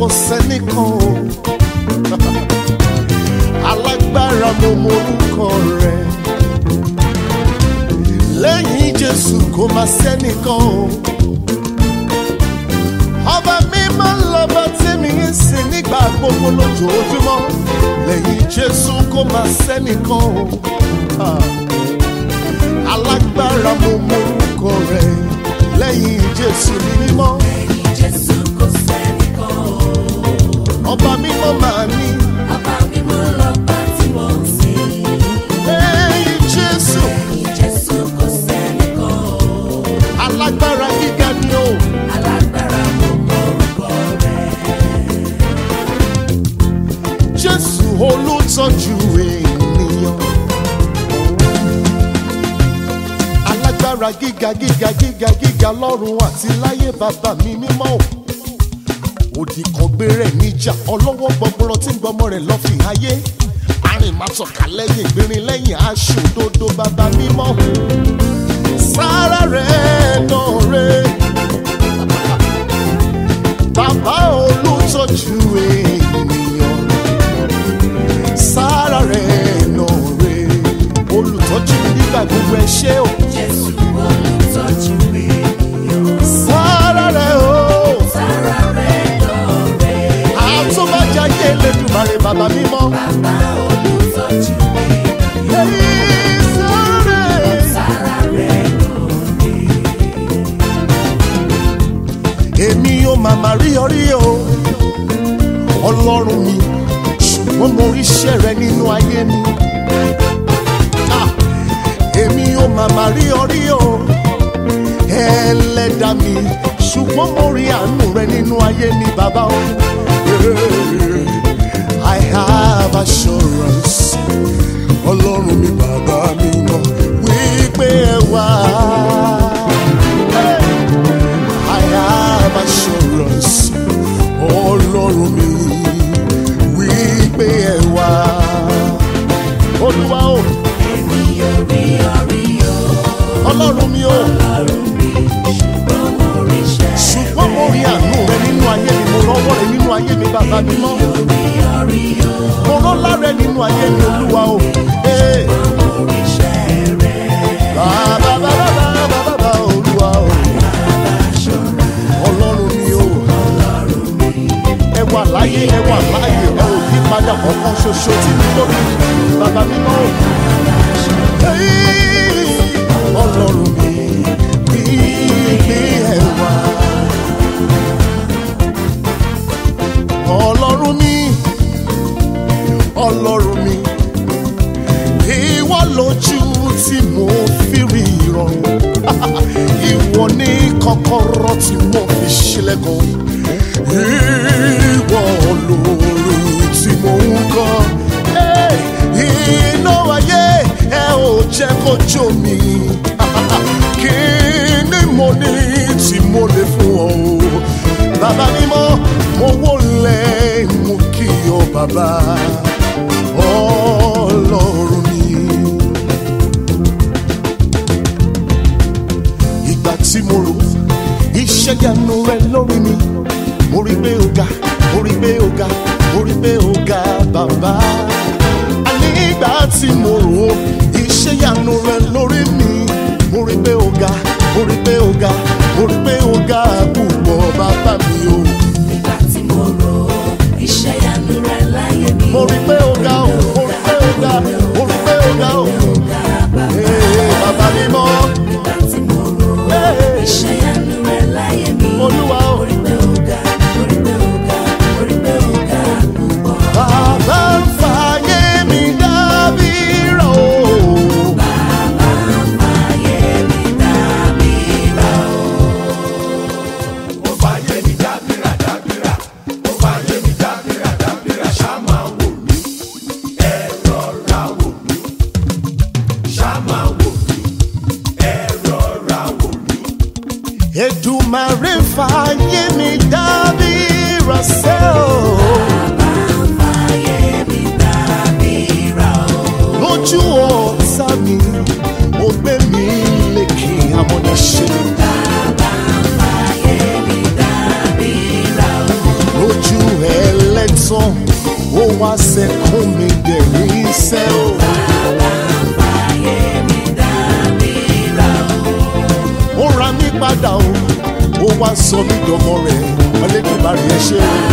kò sẹ́nìkan o alágbára mo mọ orúkọ rẹ lẹ́yìn Jésù kò má sẹ́nìkan o ọba mímọ́ lọ́ba tèmi ń sìn nígbà gbogbo lójoojúmọ́ lẹ́yìn Jésù kò má sẹ́nìkan o alágbára mo mọ orúkọ rẹ lẹ́yìn Jésù ní. Jésù olùtọ́jú ènìyàn. alágbára gíga gíga gíga gíga lọ́run àti láyé bàbá mi mímọ́ o. òdì kan gbére níjà ọlọ́wọ́ gbọgbọrọ tí ń gbọmọ rẹ̀ lọ́ fi ayé. arìn máa tọ̀ka lẹ́yìn gbérin lẹ́yìn aṣọ òdodo bàbá mímọ́. sára rẹ̀. ẹ ṣé o. Jésù olùtọ́jú mi. Sára rẹ̀ o. Sára rẹ̀ lọ́rẹ̀. Àtúbọ̀jà yé Elédùmarè bàbá mímọ́. Bàbá olùtọ́jú mi. Sára rẹ̀. Sára rí o. Ọlọ́run mi, ṣùgbọ́n mo rí iṣẹ́ rẹ nínú ayé mi ó màmá rí orí o ẹlẹ́dà mi ṣùgbọ́n mo rí àánú rẹ nínú ayé mi bàbá o. I have assurance ọlọ́run mi bàbá mi. bàbá mi mọ́. mo rán lára nínú ayé mi olúwa o. bàbá bàbá bàbá olúwa o. ọlọ́run mi o. ẹ wà láyé ẹ wà láyé ẹ ò yí padà ọ̀kan ṣoṣo tí mi lóbi bàbá mi mọ́ o. ọlọ́run mi ìwọ lójú tí mo fi rí ìrọ̀rùn ìwọ ní kọ́kọ́rọ́ tí mo fi ṣílẹ̀kùn ìwọ lóru tí mo ń kọ́ iná ayé ẹ ò jẹ́ kó jó mi kí ni mo ní tí mo lè fún ọ o bàbá mímọ́ mo wólẹ̀ mo kí ọ bàbá. mo rò iṣẹ́ yanu rẹ lórí mi mo rí pé ó ga mo rí pé ó ga mo rí pé ó ga bàbá. nígbà tí mo rò ó iṣẹ́ yanu rẹ lórí mi mo rí pé ó ga mo rí pé ó ga mo rí pé ó ga púpọ̀ bàbá Èdùmàrè fàyè mi dàbí ìrọ̀sẹ́ o. Bàbá fàyè mi dàbí ìrọ̀ o. Lójú ọ̀tá mi, ó gbé mi lékè amọ̀nàṣe. Bàbá mi dàbí ìrọ̀ o. Lójú ẹlẹ́tàn, ó wá sẹ́kún mi dẹ̀rí sẹ́wọ̀n. wá sọ mí dọmọ rẹ̀ ọlẹ́dùnmarè ẹ ṣé o.